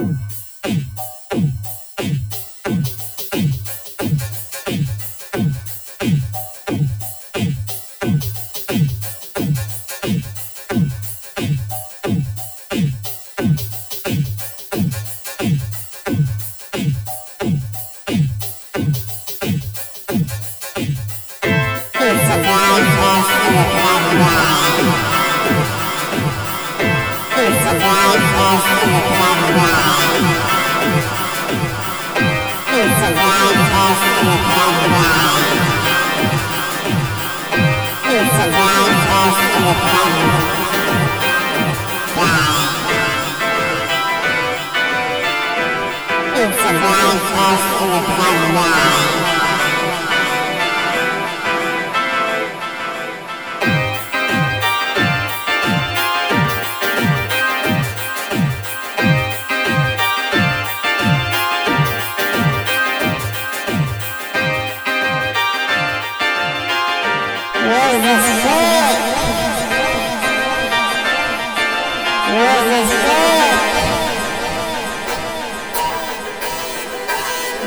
It's a bad fast food restaurant.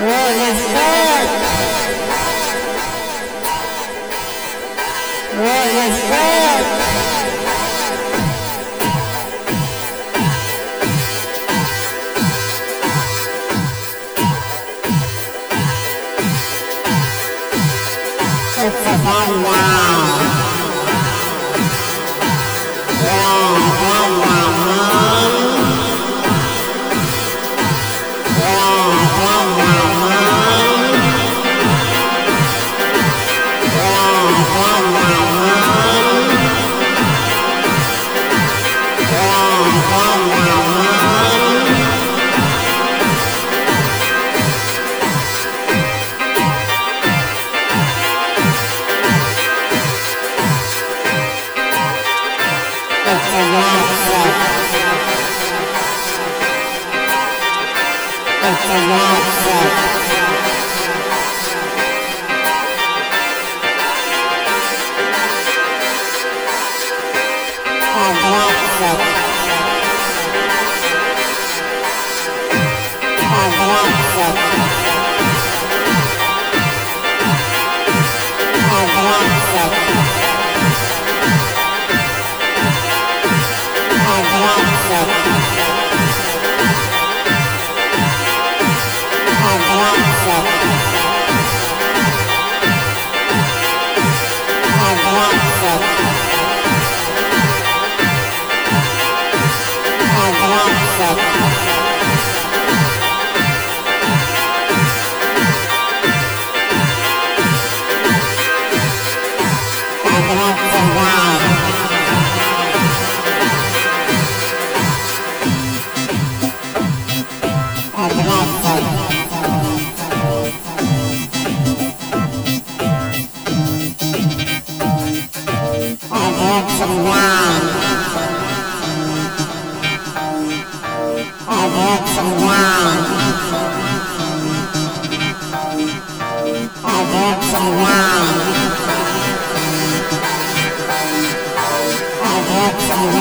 Roll your skull. Roll of wine. A works of wine. A works of wine. A works wine.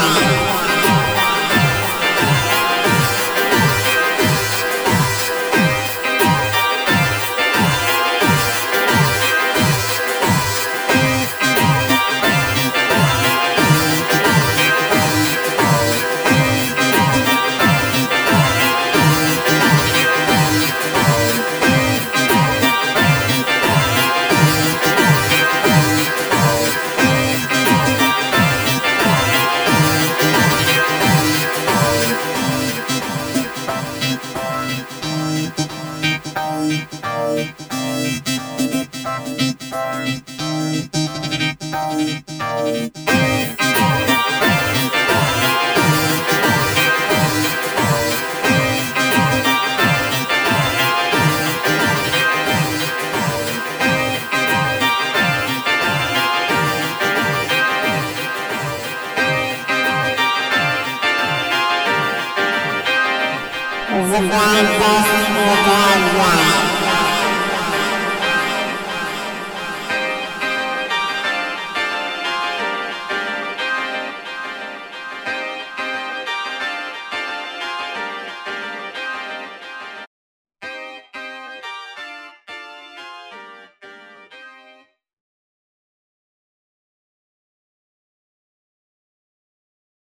Boston or Worldwide.